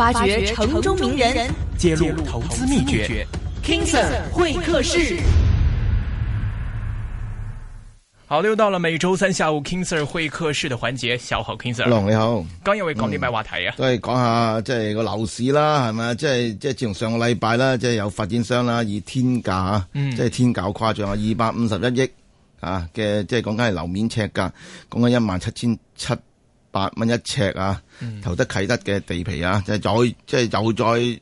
挖掘城中名人，揭露投資秘訣 King Sir,。King Sir 會客室，好，又到了每周三下午 King Sir 會客室的環節，小好 King Sir。阿龍你好，今日會講啲咩話題啊？都係講下即係個樓市啦，係嘛？即係即係自從上個禮拜啦，即係有發展商啦，以天價即係天價誇張啊，二百五十一億啊嘅，即係講緊係樓面尺價，講緊一萬七千七。八蚊一尺啊，投得啟德嘅地皮啊，就再即係又再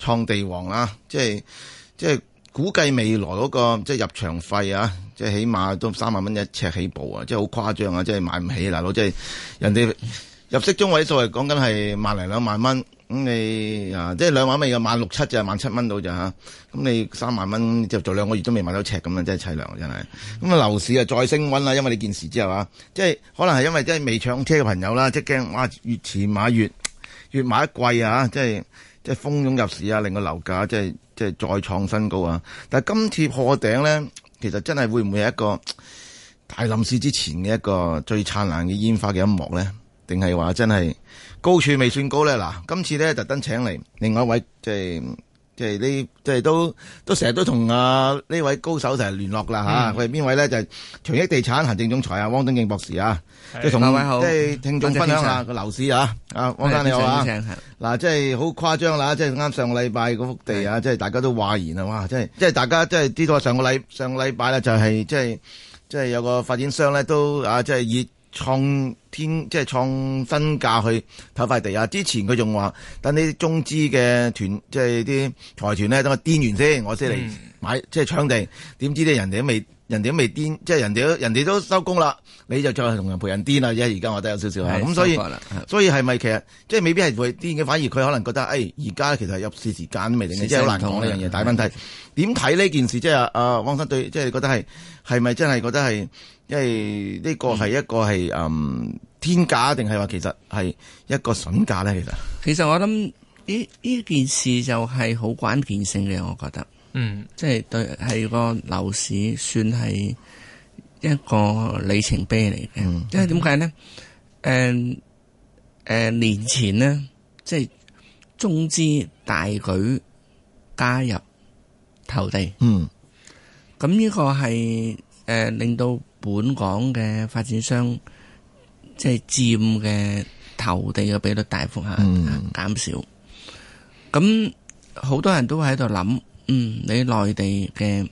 創地王啦，啊，即係即係估計未來嗰，那個即係入場費啊，即係起碼都三萬蚊一尺起步啊，即係好誇張啊，即係買唔起啦大佬，即係人哋入息中位數係講緊係萬零兩萬蚊。咁、嗯、你啊，即係兩萬蚊又萬六七就萬七蚊到咋？嚇、啊。咁、嗯、你三萬蚊就做兩個月都未買到尺咁樣，真係淒涼，真係。咁、嗯、啊、嗯嗯，樓市啊再升溫啦，因為呢件事之後啊，即係可能係因為即係未搶車嘅朋友啦、啊，即係驚哇，越前買越越買得貴啊，即係即係蜂擁入市啊，令個樓價即係即係再創新高啊。但係今次破頂咧，其實真係會唔會係一個大冧市之前嘅一個最燦爛嘅煙花嘅一幕咧？定係話真係？高處未算高咧，嗱，今次咧特登請嚟另外一位，即係即係呢，即係都都成日都同啊呢位高手就係聯絡啦吓，佢係邊位呢？就係祥益地產行政總裁啊，汪敦敬博士啊，即係同位即係聽眾分享下個樓市啊，啊，汪生你好啊，嗱，即係好誇張啦，即係啱上個禮拜嗰幅地啊，即係大家都話言啊，哇，真係即係大家即係知道上個禮上個禮拜啦，就係即係即係有個發展商呢，都啊即係以。創天即係創新價去炒塊地啊！之前佢仲話等啲中資嘅團，即係啲財團咧，等我癲完先，我先嚟買，嗯、即係搶地。點知咧，人哋都未，人哋都未癲，即係人哋都人哋都收工啦。你就再同人陪人癲啦啫！而家我都有少少吓，咁是所以所以係咪其實即係未必係會癲嘅，反而佢可能覺得，誒而家其實入市時間都未定，即係好難講呢樣嘢，大問題。點睇呢件事？即係阿汪生對，即係覺得係係咪真係覺得係？因為呢個係一個係嗯天價，定係話其實係一個筍價咧？其實其實我諗呢呢件事就係好關鍵性嘅，我覺得，嗯，即係對係個樓市算係一個里程碑嚟嘅，因為點解咧？誒誒年前呢，即係中資大舉加入投地，嗯，咁呢個係誒，嗯，令到。本港嘅發展商即係佔嘅投地嘅比率大幅下減少，咁好、嗯、多人都喺度諗，嗯，你內地嘅誒、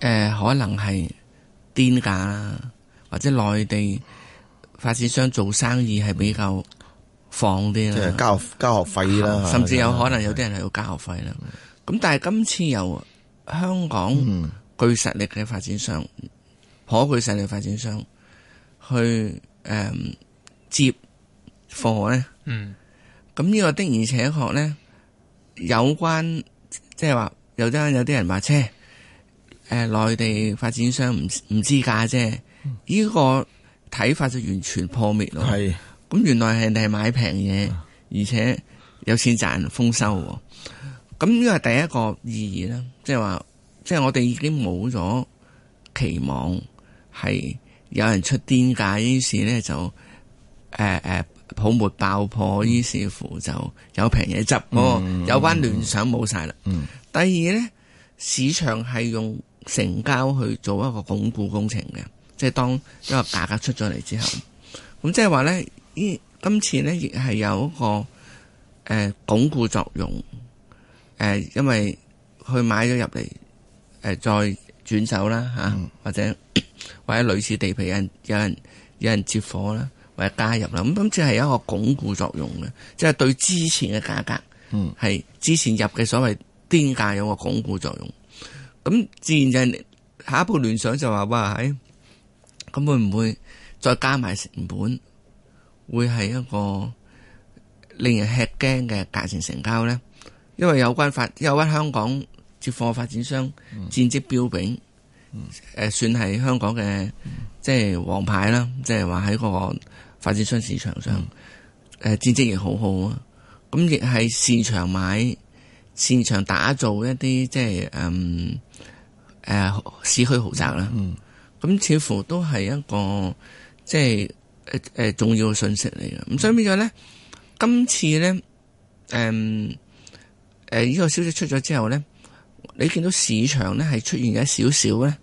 呃、可能係癲價啦，或者內地發展商做生意係比較放啲啦，即係交交學費啦，甚至有可能有啲人係要交學費啦。咁但係今次由香港具實力嘅發展商。嗯可佢勢力發展商去誒接貨咧，嗯，咁呢、嗯、個的而且確咧，有關即係話，有啲有啲人話，車誒內地發展商唔唔知價啫，呢、這個睇法就完全破滅咯。係咁、嗯，原來係你係買平嘢，嗯、而且有錢賺豐收喎。咁呢個係第一個意義啦，即係話，即係我哋已經冇咗期望、嗯。係有人出癲價，於是咧就誒誒、呃啊、泡沫爆破，於是乎就有平嘢執，嗰個、嗯嗯嗯、有關聯想冇晒啦。嗯、第二咧，市場係用成交去做一個鞏固工程嘅，即係當一個價格出咗嚟之後，咁即係話咧，依今次咧亦係有一個誒、呃、鞏固作用，誒、呃、因為去買咗入嚟，誒、呃、再轉手啦吓，或者、嗯。或者類似地皮有人有人有人接貨啦，或者加入啦，咁咁即係一個鞏固作用嘅，即係對之前嘅價格，嗯，係之前入嘅所謂天價有個鞏固作用。咁自然就係、是、下一步聯想就話哇，喺、哎、咁會唔會再加埋成本，會係一個令人吃驚嘅價錢成交咧？因為有關發有關香港接貨發展商戰績彪炳。嗯誒，算係香港嘅即係王牌啦，嗯、即係話喺個發展商市場上，誒、嗯、戰績亦好好啊，咁亦係擅長買、擅長打造一啲即係誒誒市區豪宅啦。咁、嗯、似乎都係一個即係誒誒重要嘅信息嚟嘅。咁、嗯、所以變咗咧，今次咧，誒誒呢個消息出咗之後咧。你見到市場呢係出現咗少少呢，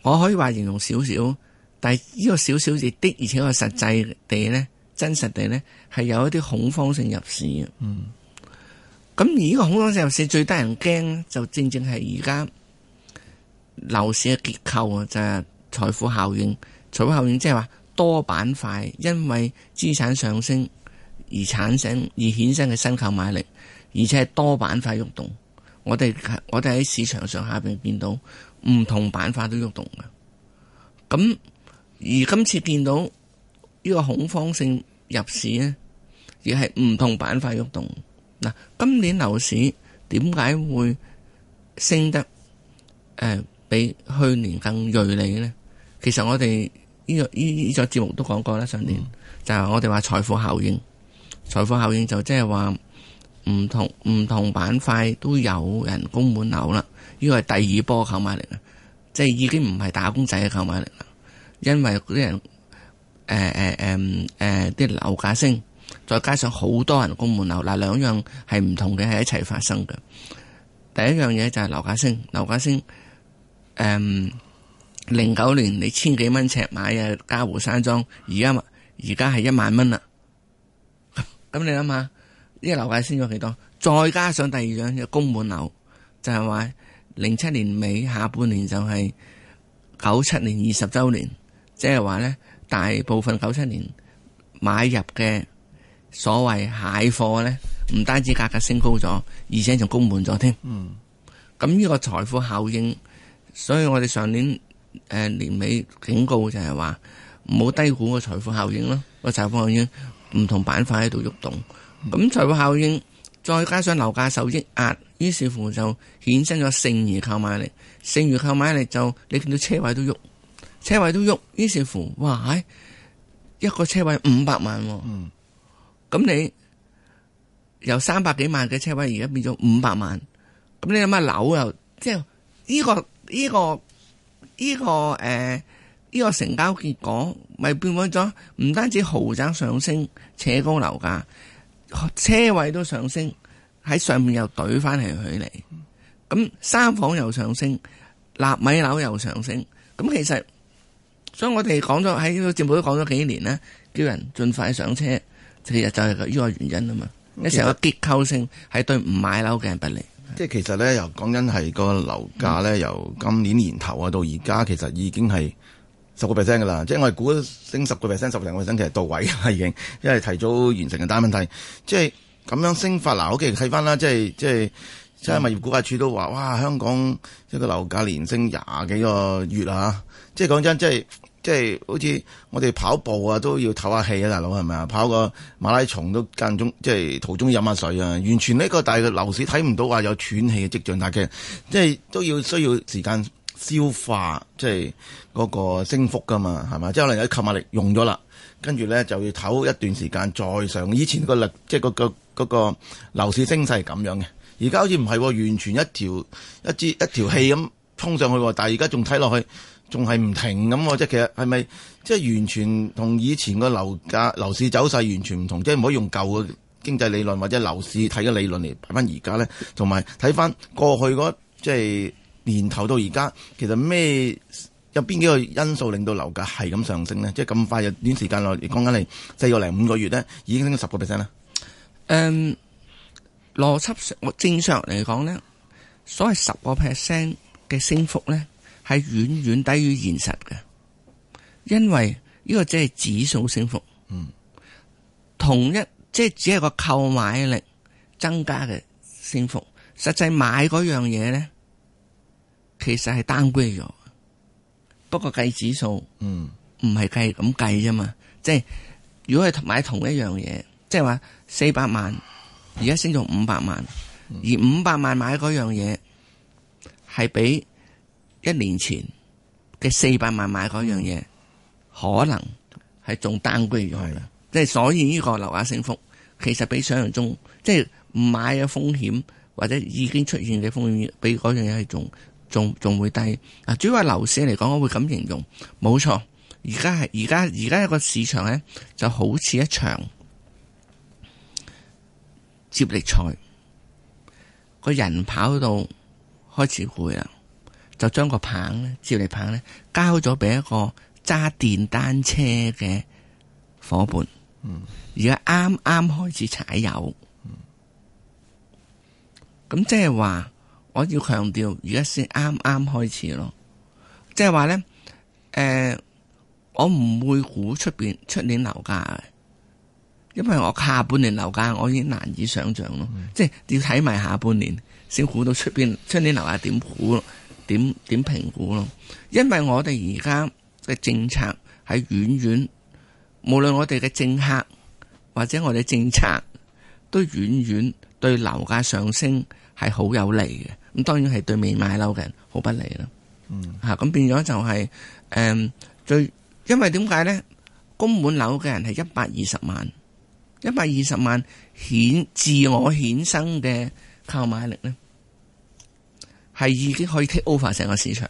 我可以話形容少少，但係呢個少少亦的而且確實際地呢，真實地呢，係有一啲恐慌性入市嘅。嗯，咁而呢個恐慌性入市最得人驚呢，就正正係而家樓市嘅結構啊，就係、是、財富效應，財富效應即係話多板塊，因為資產上升而產生而衍生嘅新購買力，而且係多板塊喐動。我哋我哋喺市場上下邊見到唔同板塊都喐動嘅，咁而今次見到呢個恐慌性入市咧，亦係唔同板塊喐動。嗱，今年樓市點解會升得誒比去年更鋭利咧？其實我哋呢個呢呢個節目都講過啦，上年就係我哋話財富效應，財富效應就即係話。唔同唔同板塊都有人供滿樓啦，呢個係第二波購買力啦，即係已經唔係打工仔嘅購買力啦，因為啲人誒誒誒誒啲樓價升，再加上好多人供滿樓，嗱、啊、兩樣係唔同嘅，係一齊發生嘅。第一樣嘢就係樓價升，樓價升誒，零、呃、九年你千幾蚊尺買嘅嘉湖山莊，而家而家係一萬蚊啦，咁、 啊、你諗下。呢個樓價升咗幾多？再加上第二樣嘅供滿樓，就係話零七年尾下半年就係九七年二十週年，即係話呢大部分九七年買入嘅所謂蟹貨呢，唔單止價格升高咗，而且仲供滿咗添。嗯，咁呢個財富效應，所以我哋上年誒年尾警告就係話，唔好低估個財富效應咯。個財富效應唔同板塊喺度喐動。咁、嗯、財務效應，再加上樓價受抑壓，於是乎就衍生咗剩餘購買力。剩餘購買力就你見到車位都喐，車位都喐，於是乎哇，嚇一個車位五百萬，、啊嗯、萬,萬，咁你由三百幾萬嘅車位，而家變咗五百萬。咁你諗下樓又即係呢、這個呢、這個呢、這個誒呢、呃這個成交結果，咪變為咗唔單止豪宅上升，扯高樓價。車位都上升，喺上面又懟翻起佢嚟，咁三房又上升，納米樓又上升，咁其實，所以我哋講咗喺呢個節目都講咗幾年咧，叫人盡快上車，其實就係個呢個原因啊嘛。一成 Okay. 個結構性係對唔買樓嘅人不利。即係其實咧，由講緊係個樓價咧，由、嗯、今年年頭啊到而家，其實已經係。十個 percent 噶啦，即係我哋估升十個 percent，十零個 percent 其實到位啦，已經，因為提早完成嘅單問題，即係咁樣升法嗱，好似睇翻啦，即係即係，差唔多物業估價處都話，哇，香港一個樓價連升廿幾個月啦，即係講真，即係即係好似我哋跑步啊都要唞下氣啊，大佬係咪啊？跑個馬拉松都間中即係途中飲下水啊，完全呢個大嘅樓市睇唔到話、啊、有喘氣嘅跡象，但係其實即係都要需要時間消化，即係。嗰個升幅噶嘛，係咪？即係可能有啲購物力用咗啦，跟住咧就要唞一段時間再上。以前、個力即係、個、個嗰樓市升勢係咁樣嘅，而家好似唔係，完全一條一支一條氣咁衝上去、哦。但係而家仲睇落去仲係唔停咁喎、哦。即係其實係咪即係完全同以前個樓價樓市走勢完全唔同？即係唔可以用舊嘅經濟理論或者樓市睇嘅理論嚟睇翻而家咧，同埋睇翻過去嗰即係年頭到而家，其實咩？有邊幾個因素令到樓價係咁上升呢？即係咁快，又短時間內，亦講緊嚟四個零五個月咧，已經升咗十個 percent 啦。嗯，um, 邏輯上，我正常嚟講咧，所謂十個 percent 嘅升幅咧，係遠遠低於現實嘅，因為呢個只係指數升幅，嗯，同一即係只係個購買力增加嘅升幅，實際買嗰樣嘢咧，其實係單歸咗。嗯不過計指數，唔係計咁計啫嘛。即係如果係買同一樣嘢，即係話四百萬，而家升到五百萬，而五百萬買嗰樣嘢，係比一年前嘅四百萬買嗰樣嘢，可能係仲單居咗啦。即係是的 所以呢個樓價升幅，其實比想象中，即係買嘅風險或者已經出現嘅風險，比嗰樣嘢係仲。仲仲會低嗱。主要話樓市嚟講，我會咁形容，冇錯。而家係而家而家一個市場咧，就好似一場接力賽，個人跑到開始攰啦，就將個棒咧、接力棒咧交咗俾一個揸電單車嘅伙伴。嗯，而家啱啱開始踩油。嗯，咁即係話。我要強調，而家先啱啱開始咯，即係話呢，我唔會估出邊出年樓價，因為我下半年樓價我已經難以想象咯，嗯、即係要睇埋下半年先估到出邊出年樓價點估，點點評估咯，因為我哋而家嘅政策係遠遠，無論我哋嘅政客或者我哋政策都遠遠對樓價上升係好有利嘅。咁當然係對未買樓嘅人好不利啦。嚇、嗯，咁、啊、變咗就係、是、誒、嗯、最，因為點解咧？供滿樓嘅人係一百二十萬，一百二十萬顯自我衍生嘅購買力咧，係已經可以 take over 成個市場，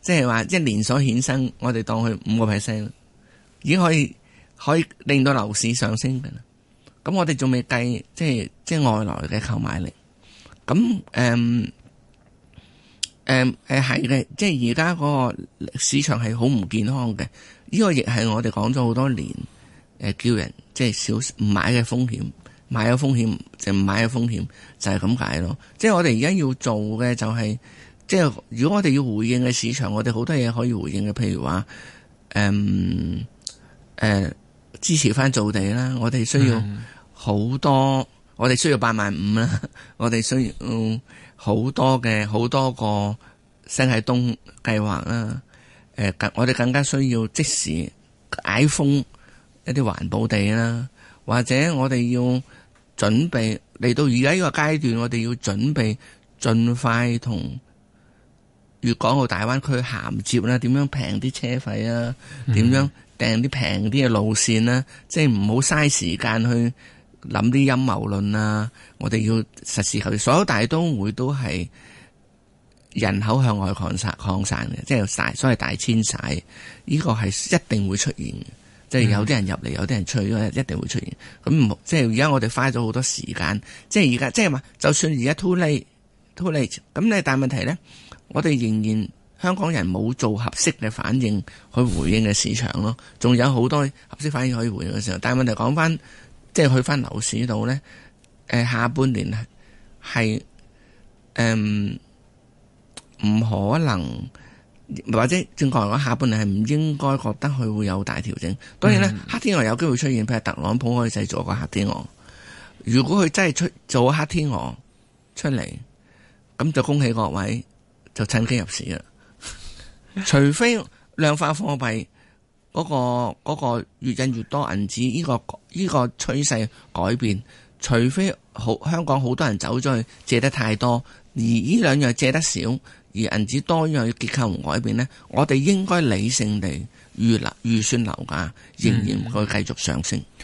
即係話即係連鎖衍生，我哋當佢五個 percent 已經可以可以令到樓市上升嘅啦。咁我哋仲未計即係即係外來嘅購買力。咁誒誒誒係嘅，即係而家嗰個市場係好唔健康嘅。呢個亦係我哋講咗好多年，誒叫人即係少買嘅風險，買嘅風險，就唔買嘅風險就係咁解咯。即係我哋而家要做嘅就係，即係如果我哋要回應嘅市場，我哋好多嘢可以回應嘅，譬如話誒誒支持翻造地啦，我哋需要好多、嗯。我哋需要八萬五啦、 呃，我哋需要好多嘅好多個星態東計劃啦。誒，我哋更加需要即時解封一啲環保地啦，或者我哋要準備嚟到而家呢個階段，我哋要準備盡快同粵港澳大灣區銜接啦，點樣平啲車費啊？點、嗯、樣訂啲平啲嘅路線咧？即係唔好嘥時間去。諗啲陰謀論啊！我哋要實事求是，所有大都會都係人口向外擴散擴散嘅，即係曬，所謂大遷徙呢個係一定會出現嘅，即係、嗯、有啲人入嚟，有啲人出去，一定會出現咁。即係而家我哋花咗好多時間，即係而家即係話，就算而家 too late too late 咁咧，但係問題咧，我哋仍然香港人冇做合適嘅反應去回應嘅市場咯，仲有好多合適反應可以回應嘅時候，但係問題講翻。即係去翻樓市度呢，下半年咧係唔可能，或者正確嚟講，下半年係唔應該覺得佢會有大調整。當然呢，嗯、黑天鵝有機會出現，譬如特朗普可以製造個黑天鵝。如果佢真係出做黑天鵝出嚟，咁就恭喜各位，就趁機入市啦。除非量化貨幣。嗰、這個越印越多銀紙。呢、這個依、這個趨勢改變，除非好香港好多人走咗去借得太多，而呢兩樣借得少，而銀紙多依樣結構唔改變呢，我哋應該理性地預留預算樓價，仍然會繼續上升，嗯。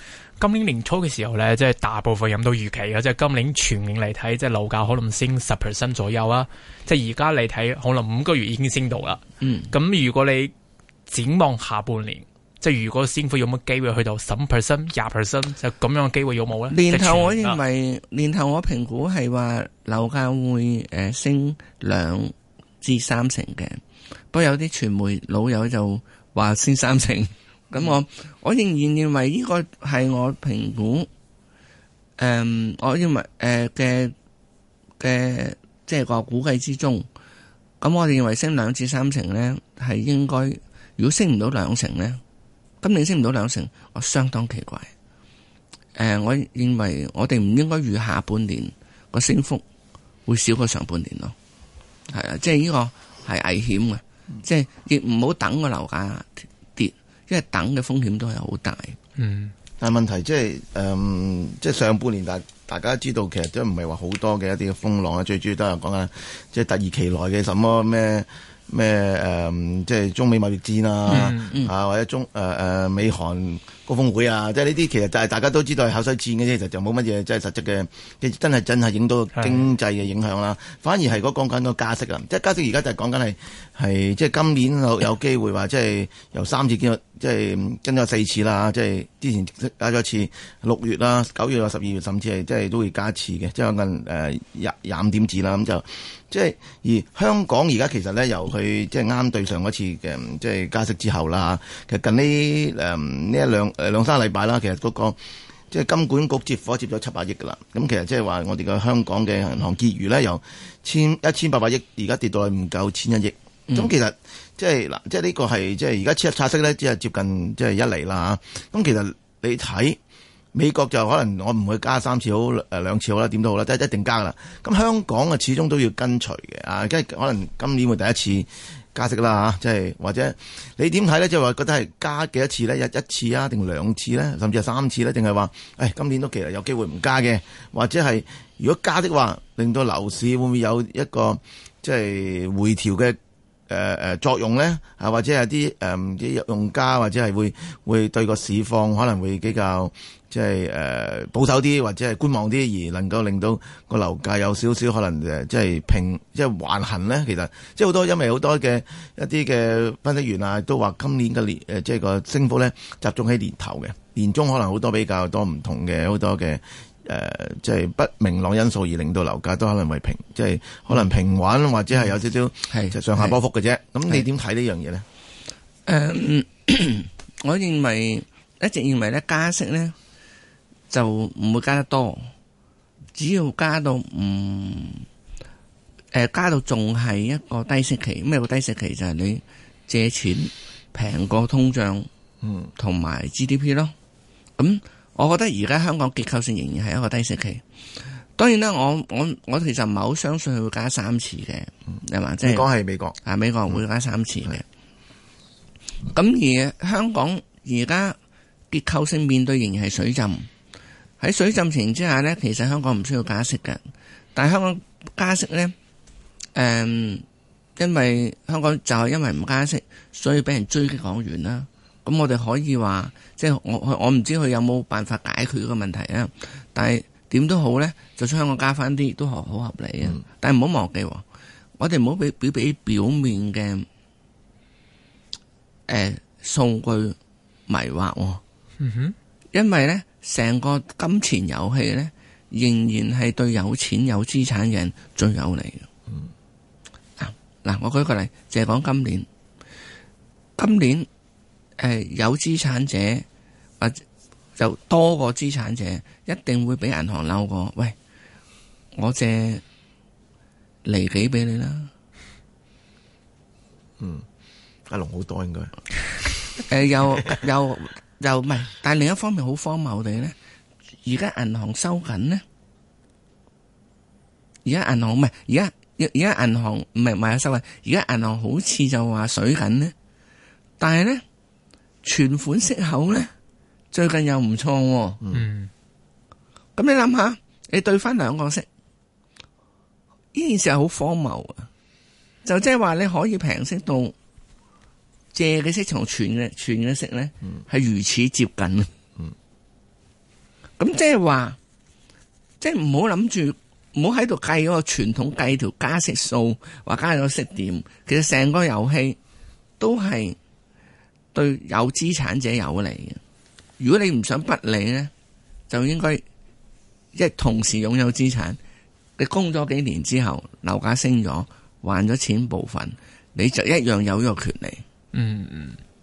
今年年初嘅時候呢，即、就、係、是、大部分人都預期嘅，即、就、係、是、今年全年嚟睇，即係樓價可能升十 percent 左右啊。即係而家嚟睇，可能五個月已經升到啦。嗯，咁如果你展望下半年，即係如果先會有乜機會去到十五 percent，廿 percent，就咁樣嘅機會有冇咧？年頭我認為 年頭我評估係話樓價會誒升兩至三成嘅，不過有啲傳媒老友就話升三成，咁我 我仍然認為呢個係我評估誒、嗯，我認為誒嘅嘅即係個估計之中，咁我哋認為升兩至三成咧係應該。如果升唔到兩成咧，今年升唔到兩成，我相當奇怪。誒、呃，我認為我哋唔應該預下半年個升幅會少過上半年咯。係啊，即係呢個係危險嘅，嗯、即係亦唔好等個樓價跌，因為等嘅風險都係好大。嗯，但係問題即係誒，即係上半年大大家知道，其實都唔係話好多嘅一啲風浪啊，最主要都係講緊，即係突如其來嘅什麼咩？咩誒、呃，即係中美貿易戰啊，嗯嗯、啊或者中誒誒、呃、美韓高峰會啊，即係呢啲其實就係大家都知道係口水戰嘅啫，其實就就冇乜嘢即係實質嘅，嘅真係真係影到經濟嘅影響啦、啊。的反而係嗰講緊個加息啊，即係加息而家就係講緊係係即係今年有有機會話，即係由三次見到，即係跟咗四次啦，即係之前加咗一次六月啦、九月啊、十二月，甚至係即係都會加一次嘅，即係講緊誒廿廿五點字啦咁就。即係而香港而家其實咧，由佢即係啱啱對上嗰次嘅即係加息之後啦嚇，其實近呢誒呢一兩誒兩三禮拜啦，其實嗰個即係金管局接火接咗七百億噶啦。咁其實即係話我哋嘅香港嘅銀行結餘咧，由千一千八百億而家跌到去唔夠千一億。咁、嗯、其實即係嗱，即係呢個係即係而家超額拆息咧，只係接近即係一釐啦嚇。咁其實你睇。美國就可能我唔會加三次好誒、呃、兩次好啦，點都好啦，都係一定加㗎啦。咁香港啊，始終都要跟隨嘅啊，即係可能今年會第一次加息啦吓、啊，即係或者你點睇咧？即係話覺得係加幾多次咧？一一次啊，定兩次咧？甚至係三次咧？定係話誒今年都其實有機會唔加嘅，或者係如果加的話，令到樓市會唔會有一個即係回調嘅誒誒作用咧？啊，或者係啲誒啲用家或者係會會對個市況可能會比較。即係誒保守啲或者係觀望啲，而能夠令到個樓價有少少可能誒，即係平即係橫行呢。其實即係好多因為好多嘅一啲嘅分析員啊，都話今年嘅年誒即係個升幅呢集中，喺年頭嘅，年中可能好多比較多唔同嘅好多嘅誒，即、呃、係、即係、不明朗因素而令到樓價都可能為平，即係、嗯、可能平穩或者係有少少係就上下波幅嘅啫。咁你點睇呢樣嘢是是呢？誒，uh, 我認為一直認為咧加息呢。就唔會加得多，只要加到唔誒、嗯，加到仲係一個低息期。咩叫低息期就係你借錢平過通脹，嗯，同埋 GDP 咯。咁我覺得而家香港結構性仍然係一個低息期。當然啦，我我我其實唔係好相信佢會加三次嘅，係嘛、嗯，即係美國係美國啊，美國會加三次嘅。咁、嗯、而香港而家結構性面對仍然係水浸。喺水浸情形之下呢，其實香港唔需要加息嘅。但係香港加息呢，誒、嗯，因為香港就係因為唔加息，所以俾人追擊港元啦。咁我哋可以話，即係我我唔知佢有冇辦法解決個問題啊。但係點都好呢，就算香港加翻啲都好合理啊。嗯、但係唔好忘記，我哋唔好俾表俾表面嘅誒、呃、數據迷惑喎。哼，因為呢。成個金錢遊戲咧，仍然係對有錢有資產嘅人最有利嘅。嗱、嗯啊、我舉個例，就係講今年，今年誒、呃、有資產者或、呃、就多過資產者，一定會俾銀行撈過，喂，我借利幾俾你啦。嗯，阿龍好多應該。誒、 呃，有有。 就唔係，但係另一方面好荒謬地咧，而家銀行收緊呢？而家銀行唔係，而家而家銀行唔係唔係有收緊，而家銀行好似就話水緊呢。但係咧存款息口咧最近又唔錯，啊，嗯，咁你諗下，你對翻兩個息，呢件事係好荒謬啊，就即係話你可以平息到。借嘅息同存嘅存嘅息咧，係如此接近嘅。咁即係話，即係唔好諗住，唔好喺度計嗰個傳統計條加息數，或加咗息點。其實成個遊戲都係對有資產者有利嘅。如果你唔想不理咧，就應該即係同時擁有資產。你供咗幾年之後，樓價升咗，還咗錢部分，你就一樣有呢個權利。嗯嗯，mm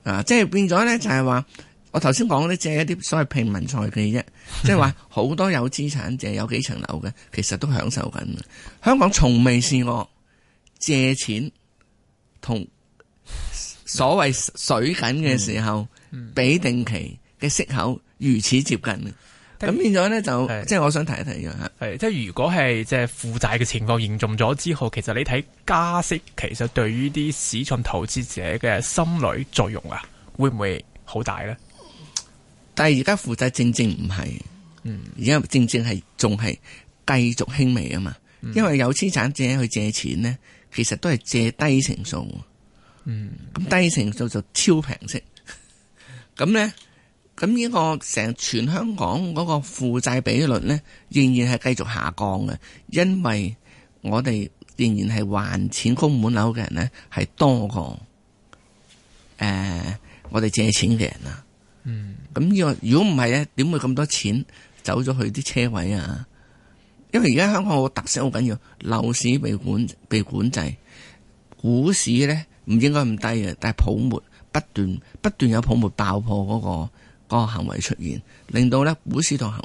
hmm. 啊，即係變咗咧，就係、是、話我頭先講啲借一啲所謂平民財技嘅啫， 即係話好多有資產借、借有幾層樓嘅，其實都享受緊。香港從未試過借錢同所謂水緊嘅時候，俾、mm hmm. 定期嘅息口如此接近。咁變咗咧，就即係我想提一提嘅。係即係如果係即係負債嘅情況嚴重咗之後，其實你睇加息，其實對於啲市場投資者嘅心理作用啊，會唔會好大咧？但係而家負債正正唔係，嗯，而家正正係仲係繼續輕微啊嘛。因為有資產者去借錢咧，其實都係借低成數，嗯，咁低成數就超平息，咁 咧。咁呢個成全香港嗰個負債比率呢，仍然係繼續下降嘅，因為我哋仍然係還錢供滿樓嘅人呢，係多過，誒、呃、我哋借錢嘅人啊。嗯，咁如果如果唔係呢，點會咁多錢走咗去啲車位啊？因為而家香港個特色好緊要，樓市被管被管制，股市呢唔應該咁低嘅，但係泡沫不斷不斷有泡沫爆破嗰、嗰個個行為出現，令到咧股市同行，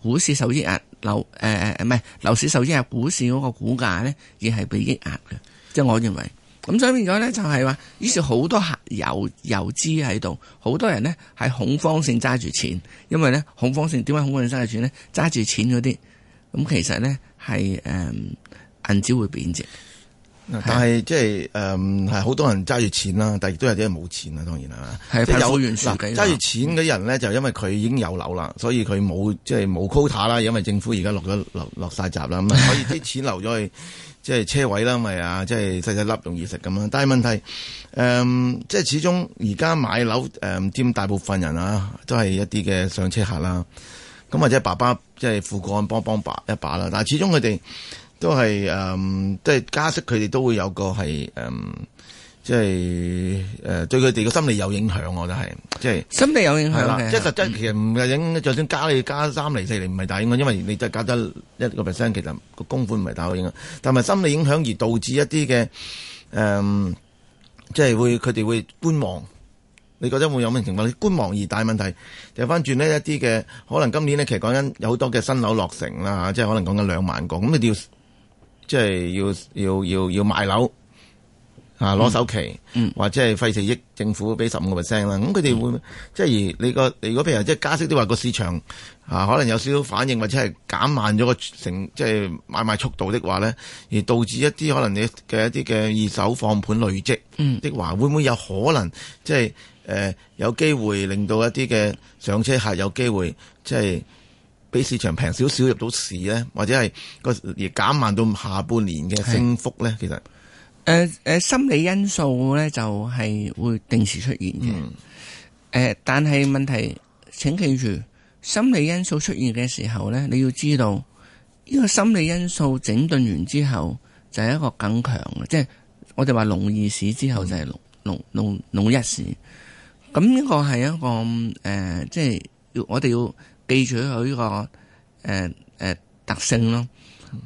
股市受抑壓樓，誒誒，唔係樓市受抑壓，股市嗰個股價咧亦係被抑壓嘅。即係我認為咁，所以變咗咧就係話，於是好多客游游資喺度，好多人呢，係恐慌性揸住錢，因為咧恐慌性，點解恐慌性揸住錢咧？揸住錢嗰啲咁，其實咧係誒銀紙會貶值。但係即係誒，係、嗯、好多人揸住錢啦，但亦都有啲人冇錢啊，當然啦。即係有揸住錢嘅人咧，就因為佢已經有樓啦，所以佢冇即係冇 quota 啦，因為政府而家落咗落落晒閘啦，咁啊可以啲錢留咗去即係車位啦，咪啊即係細細粒容易食咁啦。但係問題誒，即、嗯、係始終而家買樓誒，佔、嗯、大部分人啊都係一啲嘅上車客啦。咁或者爸爸即係父幹幫幫把一把啦，但係始終佢哋。都係誒，即係加息，佢哋都會有個係誒，即係誒，對佢哋個心理有影響，我覺得係，即係心理有影響嘅。即係實際其實唔係影，就算加你加三厘四厘，唔係大影響，因為你即係加得一個 percent，其實個供款唔係大影響。但係心理影響而導致一啲嘅誒，即係會佢哋會觀望。你覺得會有咩情況？你觀望而大問題，就翻轉呢一啲嘅可能今年呢，其實講緊有好多嘅新樓落成啦，即係可能講緊兩萬個，咁你即係要要要要賣樓啊，攞首期，嗯、或者係費四億，政府俾十五個 percent 啦。咁佢哋會即係，而你個你如果譬如即係加息，啲話個市場啊，可能有少少反應，或者係減慢咗個成即係買賣速度的話咧，而導致一啲可能你嘅一啲嘅二手放盤累積，的話會唔會有可能即係誒、呃、有機會令到一啲嘅上車客有機會即係？俾市場平少少入到市咧，或者係個而減慢到下半年嘅升幅咧，是其實誒誒、呃呃，心理因素咧就係、是、會定時出現嘅。誒、嗯呃，但係問題，請記住心理因素出現嘅時候咧，你要知道呢、這個心理因素整頓完之後就係、是、一個更強嘅，即、就、係、是、我哋話龍二市之後就係龍龍龍龍一市。咁呢個係一個誒，即、呃、係、就是、我哋要。記住佢呢個誒誒、呃呃、特性咯，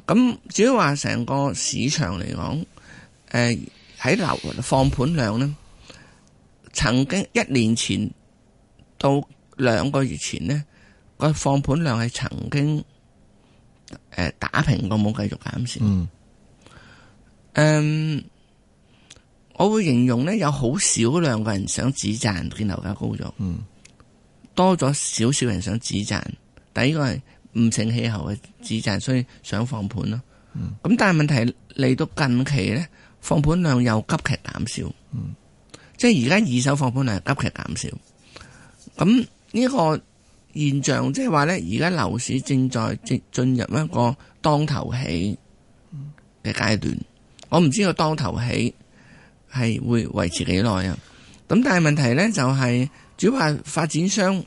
咁至於話成個市場嚟講，誒喺樓放盤量咧，曾經一年前到兩個月前咧，個放盤量係曾經誒、呃、打平過冇繼續減少。嗯，嗯，我會形容咧有好少量個人想止賺見樓價高咗。嗯。多咗少少人想止賺，但呢個係唔成氣候嘅止賺，所以想放盤咯。咁、嗯、但係問題嚟到近期咧，放盤量又急劇減少，嗯、即係而家二手放盤量急劇減少。咁呢個現象即係話咧，而家樓市正在進進入一個當頭起嘅階段。我唔知道當頭起係會維持幾耐啊？咁、嗯、但係問題咧就係主要係發展商。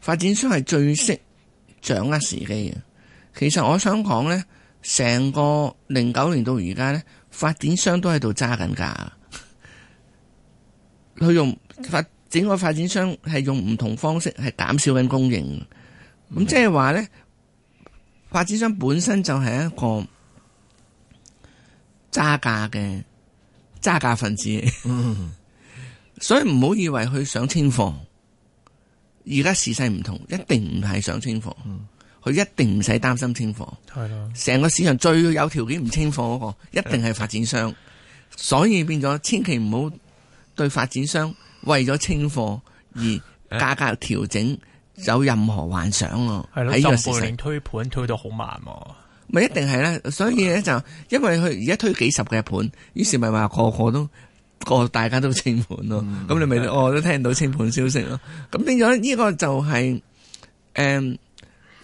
發展商係最識掌握時機嘅，其實我想講呢，成個零九年到而家呢，發展商都喺度揸緊價，佢用發展個發展商係用唔同方式係減少緊供應，咁即係話呢，發展商本身就係一個揸價嘅揸價分子。嗯、 所以唔好以為去上天貨。而家時勢唔同，一定唔係想清貨，佢、嗯、一定唔使擔心清貨。係咯的，成個市場最有條件唔清貨嗰、那個，一定係發展商。的所以變咗千祈唔好對發展商為咗清貨而價格調整、嗯、有任何幻想咯、啊。喺呢的個時勢，成推盤推到好慢喎、啊，咪一定係啦。所以咧就因為佢而家推幾十嘅盤，於是咪話個個都。個大家都清盤咯，咁、嗯、你咪 哦都聽到清盤消息咯。咁變咗呢個就係、是、誒、嗯，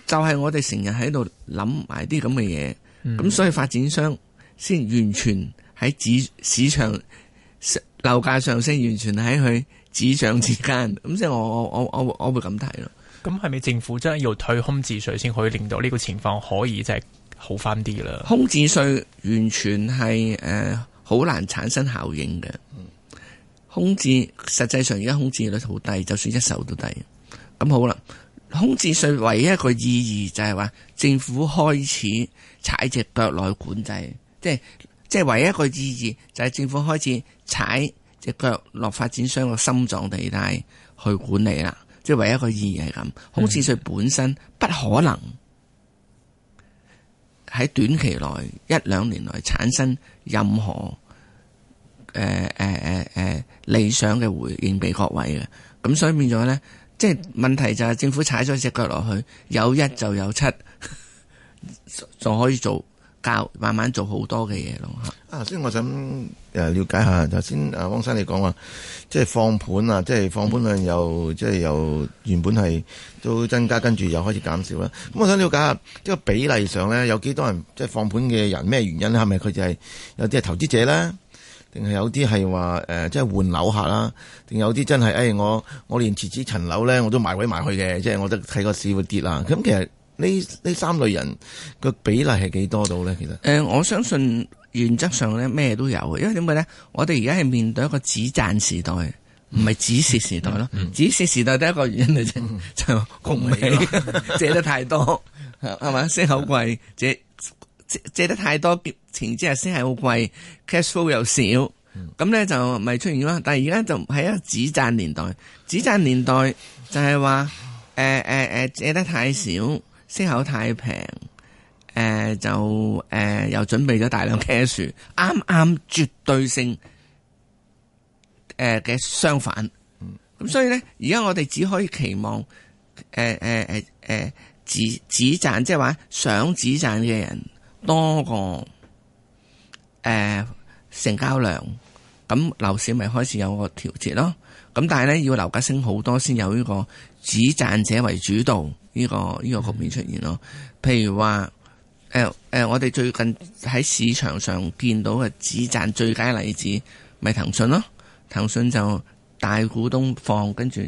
就係、是、我哋成日喺度諗埋啲咁嘅嘢，咁、嗯、所以發展商先完全喺市市場樓價上升，完全喺佢指掌之間。咁即係我我我我我會咁睇咯。咁係咪政府真係要退空置稅先可以令到呢個情況可以即係好翻啲啦？空置稅完全係誒。呃好難產生效應嘅，空置實際上而家空置率好低，就算一手都低。咁好啦，空置稅唯一一個意義就係話政府開始踩隻腳落管制，即係即係唯一一個意義就係政府開始踩隻腳落發展商個心臟地帶去管理啦，即係唯一一個意義係咁。空置稅本身不可能。喺短期內一兩年內產生任何誒誒誒誒理想嘅回應，俾各位嘅。咁，所以變咗咧，即係問題就係政府踩咗一隻腳落去，有一就有七，仲 可以做。教慢慢做好多嘅嘢咯吓。頭先我想誒了解下，頭先誒汪生你講話，即係放盤啊，即係放盤量又即係又原本係都增加，跟住又開始減少啦。咁我想了解下，即係比例上咧，有幾多人即係放盤嘅人咩原因咧？係咪佢就係有啲係投資者咧，定係有啲係話誒即係換樓客啦，定有啲真係誒我我連設置層樓咧我都埋位埋去嘅，即係我都睇個市會跌啦。咁其實。呢呢三類人個比例係幾多到咧？其實誒、呃，我相信原則上咧咩都有嘅，因為點解咧？我哋而家係面對一個止賺時代，唔係止蝕時代咯。止蝕時代第一個原因就是嗯嗯、就供唔起，供唔起 借得太多，係咪？ 先好貴，借借，借得太多錢之後先係好貴，cash flow 又少，咁咧就咪出現啦。但係而家就唔喺一個止賺年代，止賺年代就係話誒誒誒借得太少。息口太平，誒、呃、就誒、呃、又準備咗大量嘅 cash，啱啱絕對性誒嘅、呃、相反，咁、嗯、所以咧，而家我哋只可以期望誒誒誒誒止止賺，即係話想止賺嘅人多過誒、呃、成交量，咁樓市咪開始有個調節咯。咁但係咧，要樓價升好多先有呢個止賺者為主導。呢、這個呢、這個局面出現咯，譬如話，誒、呃、誒、呃，我哋最近喺市場上見到嘅止賺最佳例子，咪騰訊咯，騰訊就大股東放跟住。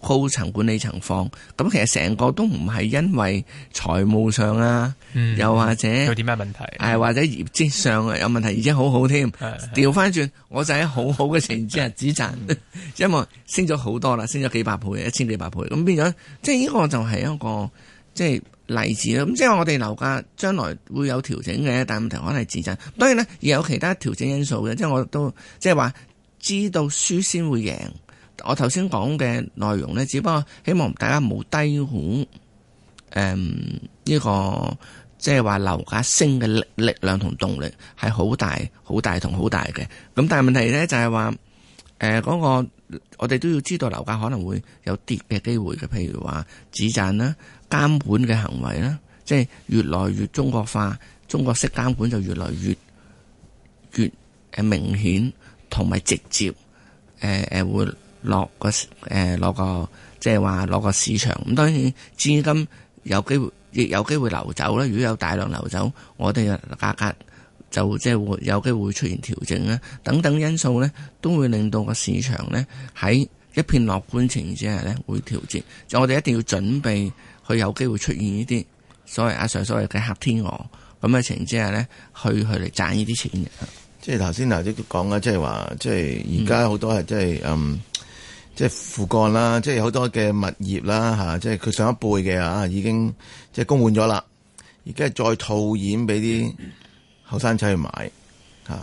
高層管理層放，咁其實成個都唔係因為財務上啊，嗯、又或者有啲咩問題？係或者業績上有問題， 而且好好添。調翻轉，我就喺好好嘅情況之下，指賺，因為升咗好多啦，升咗幾百倍，一千幾百倍。咁變咗、這個，即係呢個就係一個即係例子啦。咁即係我哋樓價將來會有調整嘅，但係問題可能係指賺。當然咧，亦有其他調整因素嘅，即係我都即係話知道輸先會贏。我頭先講嘅內容呢，只不過希望大家冇低估誒呢個即係話樓價升嘅力力量同動力係好大、好大同好大嘅。咁但係問題呢，就係話誒嗰個我哋都要知道樓價可能會有跌嘅機會嘅，譬如話指贊啦、監管嘅行為啦，即係越來越中國化、中國式監管就越來越越誒明顯同埋直接誒誒會落個誒，落個即係話落個市場咁，當然資金有機會亦有機會流走啦。如果有大量流走，我哋價格就即係、就是、會有機會出現調整咧。等等因素咧，都會令到個市場咧喺一片樂觀情況之下咧，會調節。就我哋一定要準備去有機會出現呢啲所謂阿 Sir 所謂嘅黑天鵝咁嘅情況之下咧，去去嚟賺呢啲錢嘅。即係頭先頭啲都講啦，即係話，嗯、即係而家好多係即係嗯。即係父幹啦，即係好多嘅物業啦，吓，即係佢上一輩嘅啊，已經即係供滿咗啦，而家再套現俾啲後生仔去買，吓，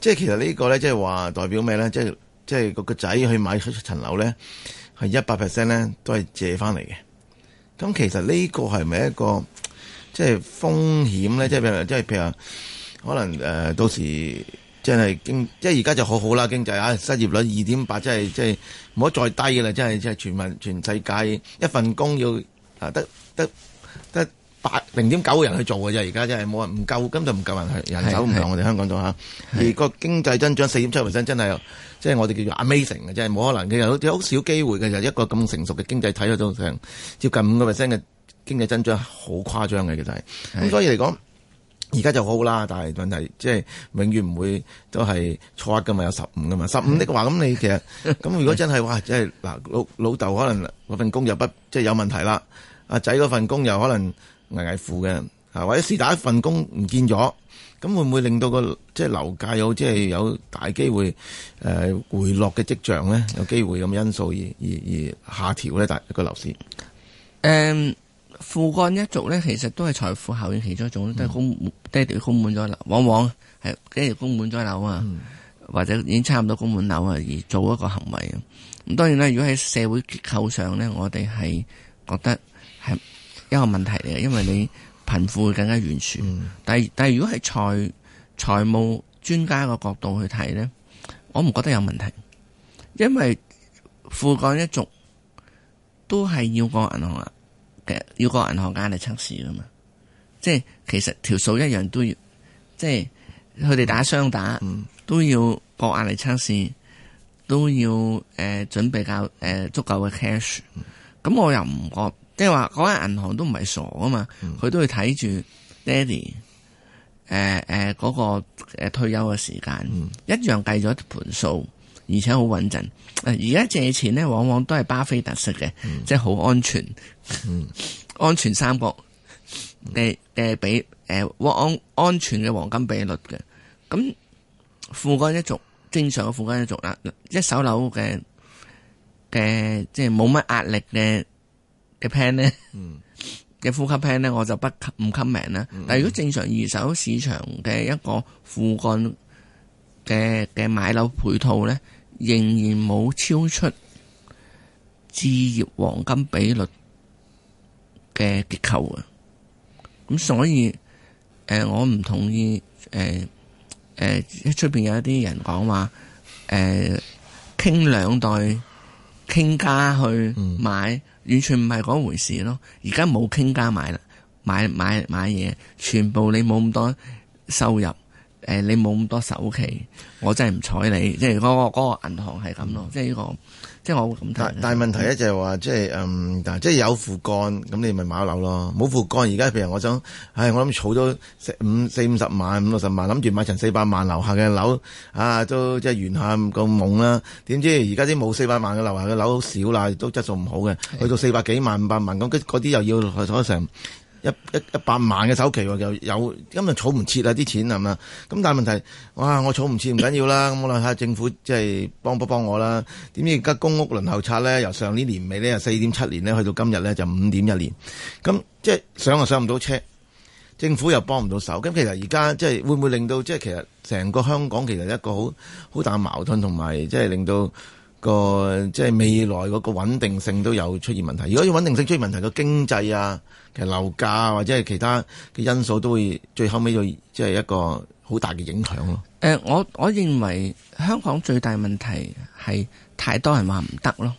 即係其實呢個咧，即係話代表咩咧？即係即係個個仔去買層樓咧，係一百 percent 咧，都係借翻嚟嘅。咁其實呢個係咪一個即係風險咧？即係譬如，即係譬如可能誒到時。即係經，即係而家就好好啦，經濟啊，失業率二點八，即係即係唔好再低嘅啦，即係即係全民全世界一份工要啊得得得八零點九個人去做嘅啫，而家真係冇人唔夠，咁就唔夠人去人手唔同，我哋香港咗嚇，而個經濟增長四點七 percent 真係即係我哋叫做 amazing 嘅，真係冇可能嘅，有好少機會嘅就一個咁成熟嘅經濟體都成接近五個 percent 嘅經濟增長，好誇張嘅其實係，咁所以嚟講。而家就好啦，但係問題即係永遠唔會都係錯嘅嘛，有十五嘅嘛，十五啲，嘅話咁你 其實咁如果真係哇，即係嗱老老豆可能份工又唔即係、就是、有問題啦，阿仔嗰份工又可能危危負嘅，啊或者是打一份工唔見咗，咁會唔會令到、個即係、就是、樓價有即係、就是、有大機會誒、呃、回落嘅跡象咧？有機會咁因素而而而下調咧？但係個樓市誒。Um 富幹一族咧，其實都係財富效應其中一種，都係、嗯、供爹哋供滿咗樓，往往係爹哋供滿咗樓啊，嗯、或者已經差唔多供滿樓啊，而做一個行為。啊，咁當然啦，如果喺社會結構上咧，我哋係覺得係一個問題嚟嘅，因為你貧富會更加懸殊，嗯。但係但係如果係財財務專家嘅角度去睇咧，我唔覺得有問題，因為富幹一族都係要過銀行啊。要過銀行壓力測試㗎嘛？即係其實條數一樣都要，即係佢哋打雙打、嗯、都要過壓力測試，都要誒、呃、準備夠誒、呃、足夠嘅 cash。咁、嗯、我又唔覺，即係話嗰間銀行都唔係傻啊嘛，佢、嗯、都要睇住爹哋誒誒嗰個誒退休嘅時間，嗯嗯、一樣計咗盤數。而且好穩陣。而家借錢咧，往往都係巴菲特式嘅，即係好安全。安全三角，誒誒，比誒黃安全嘅黃金比率嘅。咁富幹一族，正常嘅富幹一族啦，一手樓嘅嘅，即係冇乜壓力嘅嘅 plan 咧，嘅呼吸 plan 咧，我就不唔 comment 啦。但係如果正常二手市場嘅一個富幹嘅嘅買樓配套咧。仍然冇超出置業黃金比率嘅結構啊！咁所以，誒、呃，我唔同意，誒、呃，誒、呃，出邊有一啲人講話，誒、呃，傾兩代傾家去買，完全唔係嗰回事咯。而家冇傾家買啦，買買買嘢，全部你冇咁多收入，誒，你冇咁多首期。我真係唔睬你，即係嗰個嗰個銀行係咁咯，即係呢個，即係我會咁睇。但大問題咧就係話，即係嗯，即係有父幹，咁你咪買樓咯；冇父幹，而家譬如我想，唉，我諗儲咗五四五十萬、五六十萬，諗住買層四百萬樓下嘅樓，啊，都即係圓下個夢啦。點知而家啲冇四百萬嘅樓下嘅樓好少啦，都質素唔好嘅，去到四百幾萬、五百萬咁，嗰啲又要攞成。一一一百萬嘅首期，又有，咁就儲唔切啦，啲錢係咪？咁但係問題，哇，我儲唔切唔緊要啦，咁 我諗下政府即係幫不幫我啦？點知而家公屋輪候冊咧，由上年年尾呢，由四點七年呢，去到今日咧就五點一年，咁即係上又上唔到車，政府又幫唔到手，咁其實而家即係會唔會令到即係其實成個香港其實一個好好大矛盾，同埋即係令到。個即係未來嗰個穩定性都有出現問題。如果要穩定性出現問題，個經濟啊，其實樓價、啊、或者係其他嘅因素都會最後尾就即係一個好大嘅影響咯。誒、呃，我我認為香港最大問題係太多人話唔得咯，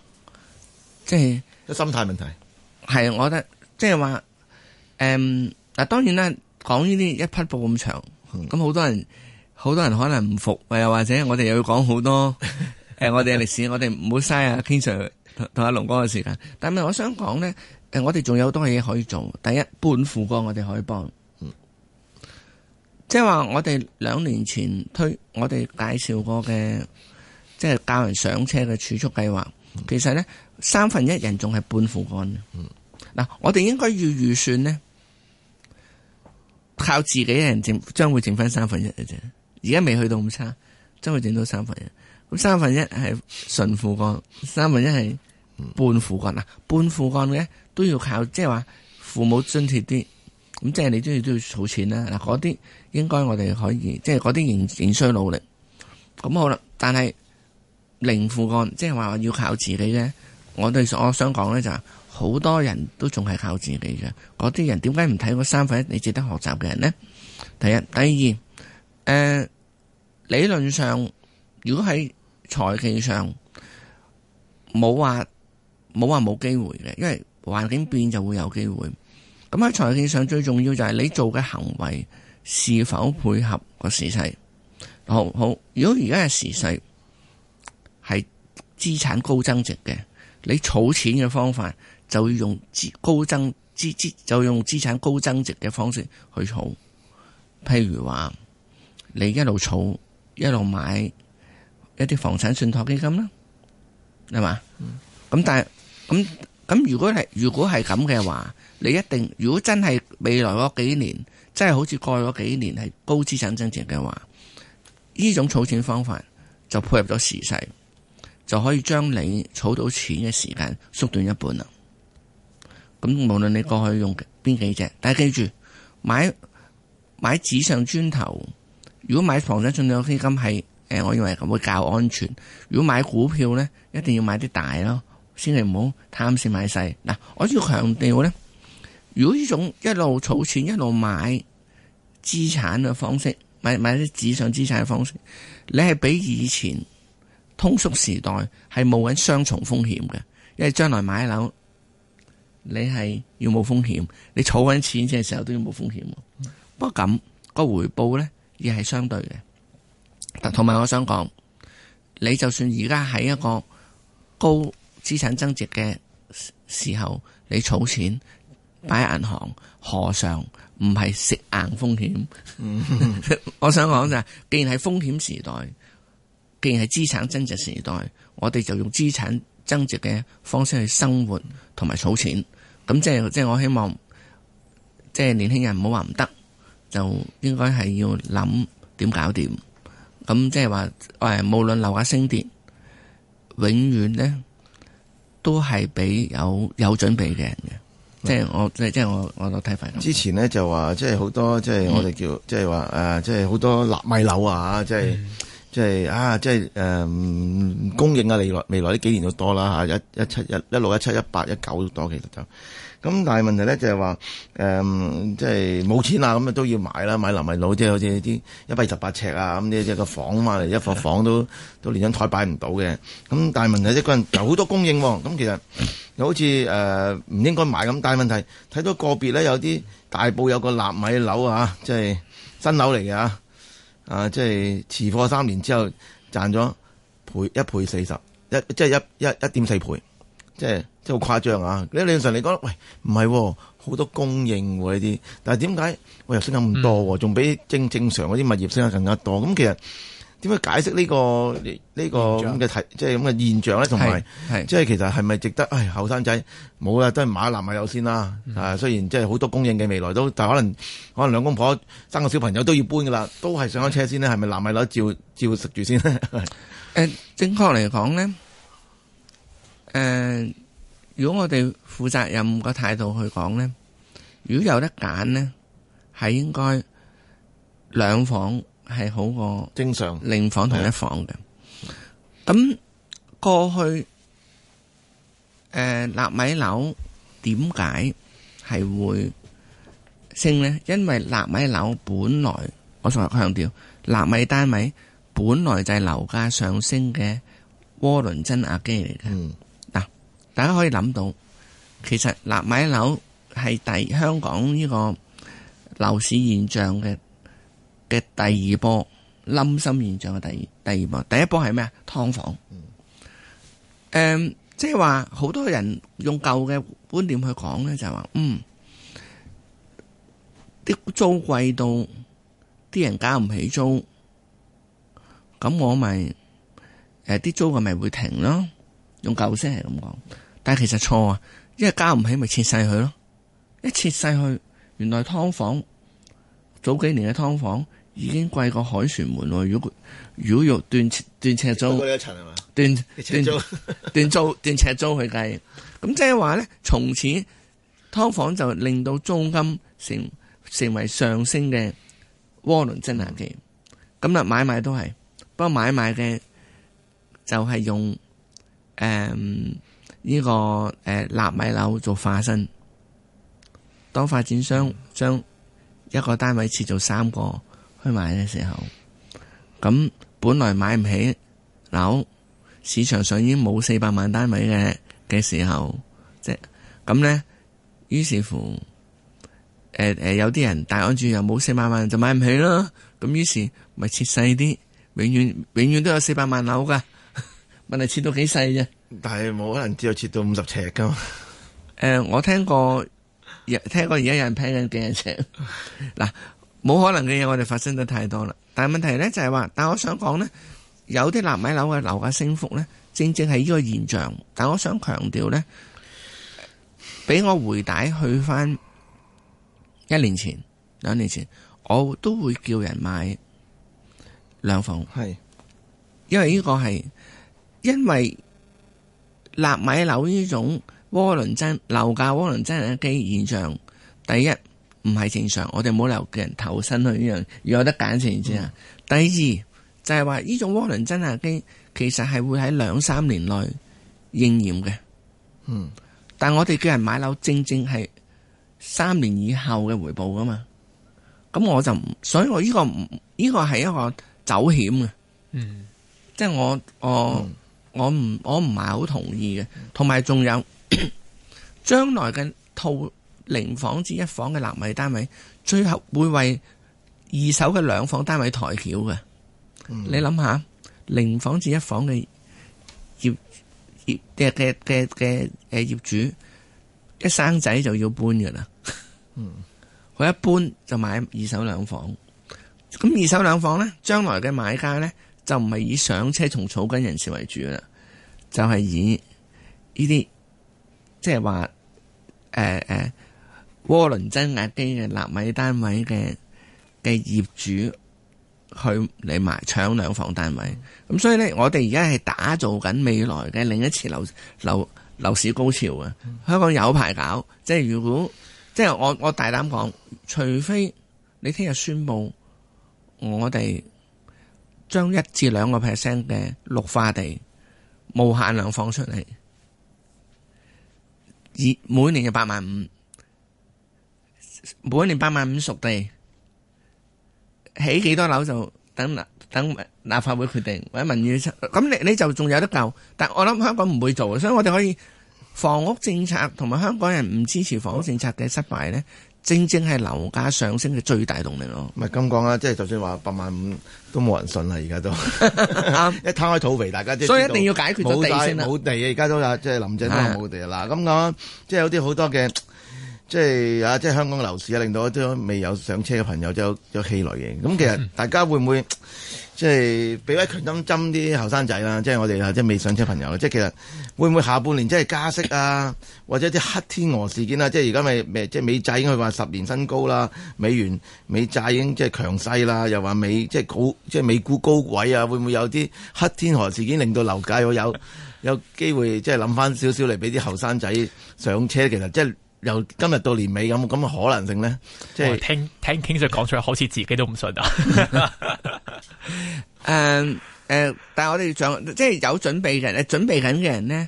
即係個心態問題係啊。我覺得即係話誒，嗱、呃，當然啦，講呢啲一匹布咁長，咁好、嗯、多人好多人可能唔服，又或者我哋又要講好多。 誒， 我哋嘅歷史，我哋唔好嘥啊 King Sir 同阿龍哥嘅時間，但係我想講咧，誒，我哋仲有好多嘢可以做。第一，半副干，我哋可以幫，即係話我哋兩年前推，我哋介紹過嘅，即係教人上車嘅儲蓄計劃。其實咧，三分一人仲係半副干。嗱、嗯，我哋應該要預算呢，靠自己一人掙，將會掙翻三分一嘅啫。而家未去到咁差，將會整到三分一。三分一係純父幹，三分一係半父幹啊！半父幹咧都要靠，即係話父母津貼啲。咁即係你都要都要儲錢啦。嗱，嗰啲應該我哋可以，即係嗰啲仍仍需努力。咁好啦，但係零父幹，即係話要靠自己嘅。我哋我想講咧就係好多人都仲係靠自己嘅。嗰啲人點解唔睇嗰三分一你值得學習嘅人咧？第一、第二，誒、呃，理論上如果喺……財技上冇話冇話冇機會嘅，因為環境變就會有機會。咁喺財技上最重要就係你做嘅行為是否配合個時勢。好好，如果而家嘅時勢係資產高增值嘅，你儲錢嘅方法就要用資高增值，就用資產高增值嘅方式去儲。譬如話你一路儲，一路買。一啲房產信託基金啦，係咪？咁、嗯、但係咁咁，如果係如果係咁嘅話，你一定如果真係未來嗰幾年，真係好似過去幾年係高資產增值嘅話，呢種儲錢方法就配合咗時勢，就可以將你儲到錢嘅時間縮短一半啦。咁無論你過去用邊幾隻，但係記住買買紙上磚頭，如果買房產信託基金係。誒，我認為咁會較安全。如果買股票呢，一定要買啲大咯，千祈唔好貪錢買細。嗱，我要強調呢，如果呢種一路儲錢一路買資產嘅方式，買買啲紙上資產嘅方式，你係比以前通縮時代係冇咁雙重風險嘅，因為將來買樓你係要冇風險，你儲緊錢嘅時候都要冇風險。不過咁、嗰個回報呢，亦係相對嘅。同埋，我想講，你就算而家喺一個高資產增值嘅時候，你儲錢擺喺銀行，何嘗唔係食硬風險？ 我想講就係、是，既然係風險時代，既然係資產增值時代，我哋就用資產增值嘅方式去生活同埋儲錢。咁即係即係，就是、我希望即係、就是、年輕人，唔好話唔得，就應該係要諗點搞掂。咁即係話誒，無論樓價升跌，永遠咧都係俾有有準備嘅人嘅的。即係、嗯、我即係即係我我都睇法。之前咧就話即係好多即係我哋叫即係話誒，即係好多納米樓啊即係、嗯、即係啊，即係誒、嗯，供應啊未來未來呢幾年都多啦吓，一一七一一六一七一八一九都多，其實就。咁但係問題咧就係話誒，即係冇錢啊，咁啊都要買啦，買納米樓，即係好似啲一百二十八尺啊，咁呢即係個房啊嘛，一伙房都都連張台擺唔到嘅。咁但係問題一係個人有好多供應喎、啊，咁其實好似誒唔應該買咁，但係問題睇到個別咧有啲大埔有個納米樓啊，即係新樓嚟嘅啊，啊即係持貨三年之後賺咗倍一倍四十，一即係一一一點四倍，即係。好誇張啊！你正常嚟講，喂，唔係好多供應喎呢啲，但係點解喂又升咁多喎、啊？仲比正正常嗰啲物業升得更加多？咁、嗯、其實點解解釋呢、呢個呢、呢個咁嘅即係咁嘅現象咧？同埋即係其實係咪值得？唉，後生仔冇啦，都係買納米樓先啦、啊。嗯、啊，雖然即係好多供應嘅未來都，但係可能可能兩公婆生個小朋友都要搬嘅啦，都係上咗車先咧。係咪納米樓照照食住先咧、啊？誒， 正確嚟講咧，誒、呃。如果我哋負責任個態度去講呢，如果有得揀呢，係應該兩房係好過正常另房同一房嘅。咁過去誒納米樓點解係會升呢？因為納米樓本來我重強調，納米單位本來就係樓價上升嘅渦輪增壓機嚟嘅。大家可以諗到，其實納米樓係第香港呢個樓市現象嘅嘅第二波冧心現象嘅第二第二波。第一波係咩啊？劏房。即係話好多人用舊嘅觀點去講呢就係話，嗯，啲租貴到，啲人交唔起租，咁我咪誒啲租咪會停咯。舊聲係咁講，但係其實錯啊，因為交唔起咪切晒佢咯，一切晒佢，原來劏房早幾年嘅劏房已經貴過凱旋門喎，如果如果肉斷斷尺租，斷尺租斷租斷尺租去計，咁即係話咧，從此劏房就令到租金成成為上升嘅渦輪，真係嘅，咁啦買賣都係，不過買賣嘅就係用。誒，呢、嗯這個誒納、呃、米樓做化身，當發展商將一個單位切做三個去賣嘅時候，咁本來買唔起樓，市場上已經冇四百萬單位嘅嘅時候，即咁咧，於是乎，誒、呃、誒、呃，有啲人大安住又冇四百萬就買唔起咯，咁於是咪切細啲，永遠永遠都有四百萬樓㗎。問題切到幾細啫，但係冇可能只有切到五十尺噶嘛？誒、 呃，我聽過，聽過而家有人平緊幾廿尺。嗱，冇可能嘅嘢，我哋發生得太多啦。但係問題咧就係、是、話，但係我想講咧，有啲納米樓嘅樓價升幅咧，正正係呢個現象。但我想強調咧，俾我回帶去翻一年前、兩年前，我都會叫人買兩房，係是，因為呢個係。因為納米樓呢種渦輪增樓價渦輪增壓機現象，第一唔係正常，我哋冇理由叫人投身去呢樣，要有得揀先知啊。嗯、第二就係話呢種渦輪增壓機，其實係會喺兩三年內應驗嘅。嗯，但我哋叫人買樓，正正係三年以後嘅回報噶嘛。咁我就，所以我呢、這個唔呢、這個係一個走險嘅。嗯，即係我我。我嗯我唔我唔係好同意嘅，同埋仲有將 來嘅套零房至一房嘅納米單位，最後會為二手嘅兩房單位抬轎嘅。嗯、你諗下，零房至一房嘅業業嘅嘅嘅嘅誒業主，一生仔就要搬噶啦。佢、嗯、 一搬就買二手兩房，咁二手兩房咧，將來嘅買家咧。就唔係以上車同草根人士為主啦，就係、是、以呢啲即係話誒誒，渦輪增壓機嘅納米單位嘅嘅業主去嚟買搶兩房單位。咁所以呢，我哋而家係打造緊未來嘅另一次樓樓樓市高潮啊！嗯、香港有排搞，即係如果即係我我大膽講，除非你聽日宣布我哋。將一至兩個 percent 嘅綠化地無限量放出嚟，以每年嘅八萬五，每年八萬五熟地起幾多樓就等立等立法會決定或者民意，咁你你就仲有得救。但我諗香港唔會做，所以我哋可以房屋政策同埋香港人唔支持房屋政策嘅失敗咧。正正係樓價上升嘅最大動力咯。唔係咁講啦，即係就算話八萬五都冇人信啦，而家都 一攤開肚皮，大家都係所以一定要解決咗地先啦。冇地，而家都有， 即係林鄭都冇地啦。咁講即係有啲好多嘅，即係啊，即係香港嘅樓市啊，令到即係未有上車嘅朋友就有氣餒嘅。咁其實 大家會唔會？即係俾位強針針啲後生仔啦，即係我哋即係未上車朋友，即係其實會唔會下半年即係加息啊，或者啲黑天鵝事件啊，即係而家咪咩即係美債應該話十年新高啦，美元美債已經即係強勢啦，又話美即係股即係美股高位啊，會唔會有啲黑天鵝事件令到樓價有有，有機會即係諗翻少少嚟俾啲後生仔上車？其實即係。由今日到年尾有冇咁嘅可能性呢？即、就、係、是、聽聽 King Sir 講出嚟，好似自己都唔信啊！誒 誒、 uh, 呃，但係我哋準即係有準備嘅人咧，準備緊嘅人呢，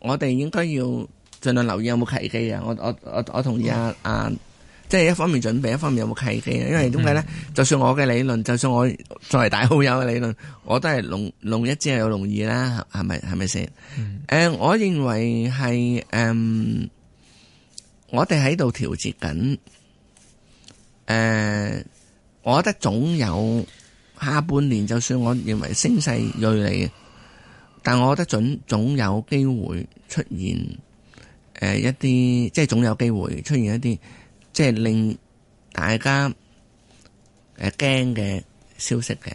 我哋應該要盡量留意有冇契機啊！我我我，我同意阿、啊、阿、嗯啊，即係一方面準備，一方面有冇契機啊！因為點解呢，嗯、就算我嘅理論，就算我作為大好友嘅理論，我都係龍龍一之後有龍二啦，係咪係咪先？誒、嗯呃，我認為係誒。嗯嗯我哋喺度調節緊，誒、呃，我覺得總有下半年，就算我認為升勢銳利，但我覺得總總有機會出現，誒、呃，一啲即係總有機會出現一啲即係令大家誒驚嘅消息嘅，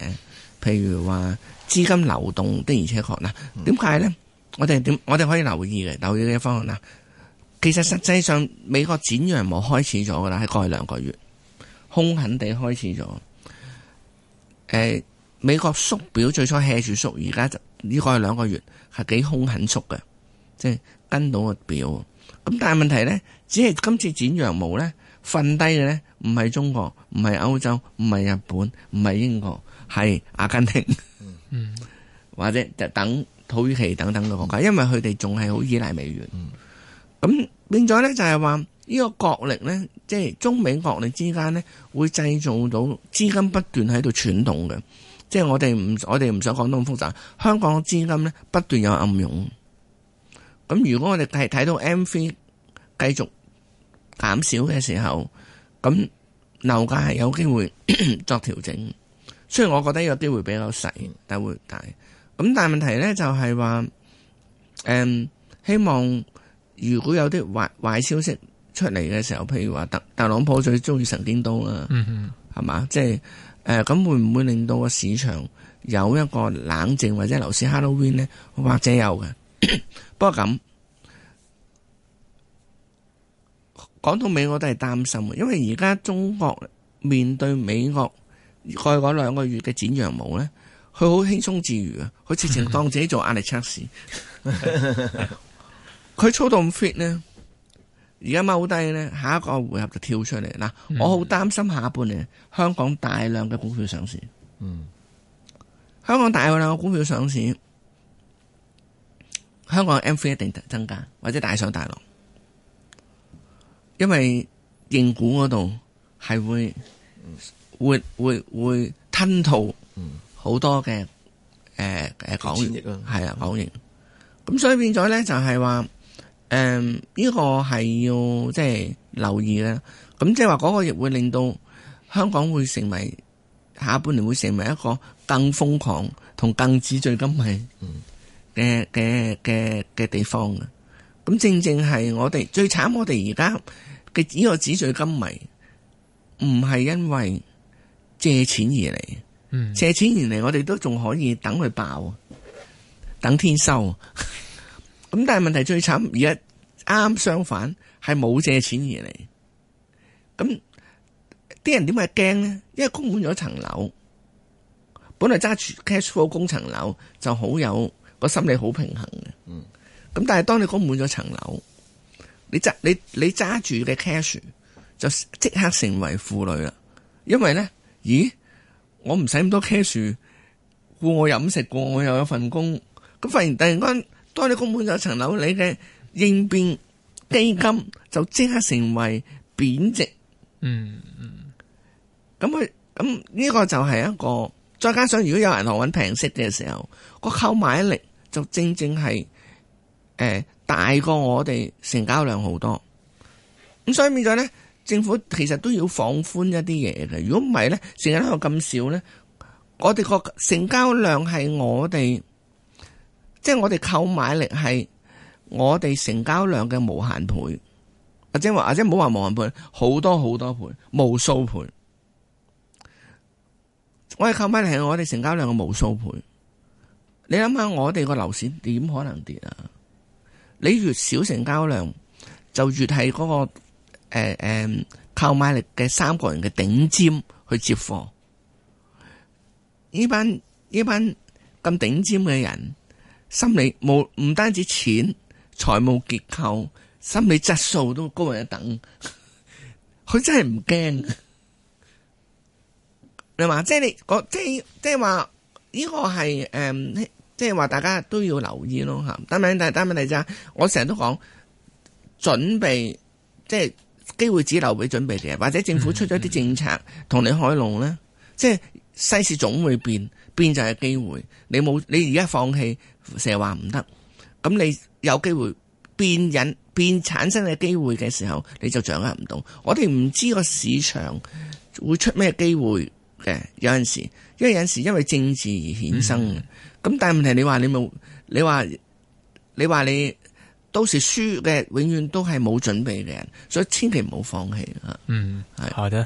譬如話資金流動的而且確啦，點解咧？我哋點我哋可以留意嘅，留意嘅方向啦。其實實際上，美國剪羊毛開始咗噶啦，喺過去兩個月，凶狠地開始咗。誒、呃，美國縮表最初 hea 住縮，而家就呢個係兩個月，係幾凶狠縮嘅，即係跟到個表。咁但係問題咧，只係今次剪羊毛咧，瞓低嘅咧，唔係中國，唔係歐洲，唔係日本，唔係英國，係阿根廷， 或者就等土耳其等等嘅國家，因為佢哋仲係好依賴美元。嗯咁變咗咧，就係話呢個角力咧，即係中美角力之間咧，會製造到資金不斷喺度傳動嘅。即係我哋唔我哋唔想講到咁複雜，香港嘅資金咧不斷有暗湧。咁如果我哋睇睇到 MV 繼續減少嘅時候，咁樓價係有機會 作調整。雖然我覺得有啲會比較細，但會大。咁但係問題咧就係話，誒、嗯、希望。如果有啲壞壞消息出嚟嘅時候，譬如話特特朗普最中意神經刀啦、啊，係嘛、嗯哼？即係誒，咁、呃、會唔會令到個市場有一個冷靜或者樓市 Halloween 呢？或者有嘅、嗯， 不過咁講到美國都係擔心啊，因為而家中國面對美國過去兩個月嘅剪羊毛呢，佢好輕鬆自如啊，佢直情當自己做壓力測試。 佢操到咁 fit 呢？而家踎低呢，下一個回合就跳出嚟。嗱，我好擔心下半年香港大量嘅股票上市。嗯，香港大量嘅股票上市，香港 M3 一定增加或者大上大落，因為認股嗰度，係會、嗯、會會會吞吐好多嘅誒誒港元係啊港元。咁、嗯、所以變咗咧，就係、是、話。誒，呢、um, 個係要即係留意啦。咁即係話嗰個亦會令到香港會成為下半年會成為一個更瘋狂同更紙醉金迷嘅嘅嘅嘅地方嘅。咁正正係我哋最慘，我哋而家嘅呢個紙醉金迷唔係因為借錢而嚟，嗯、借錢而嚟我哋都仲可以等佢爆，等天收。咁但係問題最慘，而家啱相反係冇借錢而嚟，咁啲人點解驚呢？因為供滿咗層樓，本來揸住 cash flow 供層樓就好有個心理好平衡嘅。咁、嗯、但係當你供滿咗層樓，你揸你你揸住嘅 cash 就即刻成為負累啦。因為呢，咦，我唔使咁多 cash flow 顧我飲食過，顧我又有份工，咁發現突然間。當你供滿咗層樓，你嘅應變基金就即刻成為貶值。嗯嗯 ，咁佢咁呢個就係一個，再加上如果有銀行揾平息嘅時候，個購買力就正正係誒、欸、大過我哋成交量好多。咁所以變咗咧，政府其實都要放寬一啲嘢嘅。如果唔係咧，成日都咁少咧，我哋個成交量係我哋。即係我哋購買力係我哋成交量嘅無限倍，或者或者冇話無限倍，好多好多倍，無數倍。我哋購買力係我哋成交量嘅無數倍。你諗下，我哋個樓市點可能跌啊？你越少成交量，就越係嗰、那個誒誒、呃、購買力嘅三個人嘅頂尖去接貨。呢班呢班咁頂尖嘅人。心理冇唔單止錢，財務結構、心理質素都高人一等，佢 真係唔驚。你話即係你，即係即係話呢個係誒，即係話、這個呃、大家都要留意咯吓。但係但係但問題咋，我成日都講準備，即係機會只留俾準備嘅，或者政府出咗啲政策同你開路咧，嗯嗯即係世事總會變。變就係機會，你冇，你而家放棄成日話唔得，咁你有機會變引變產生嘅機會嘅時候，你就掌握唔到。我哋唔知個市場會出咩機會嘅，有陣時，因為有陣時因為政治而衍生嘅。咁、嗯、但係問題，你話你冇，你話你話你到時輸嘅，永遠都係冇準備嘅人，所以千祈唔好放棄啊！嗯，係是好的。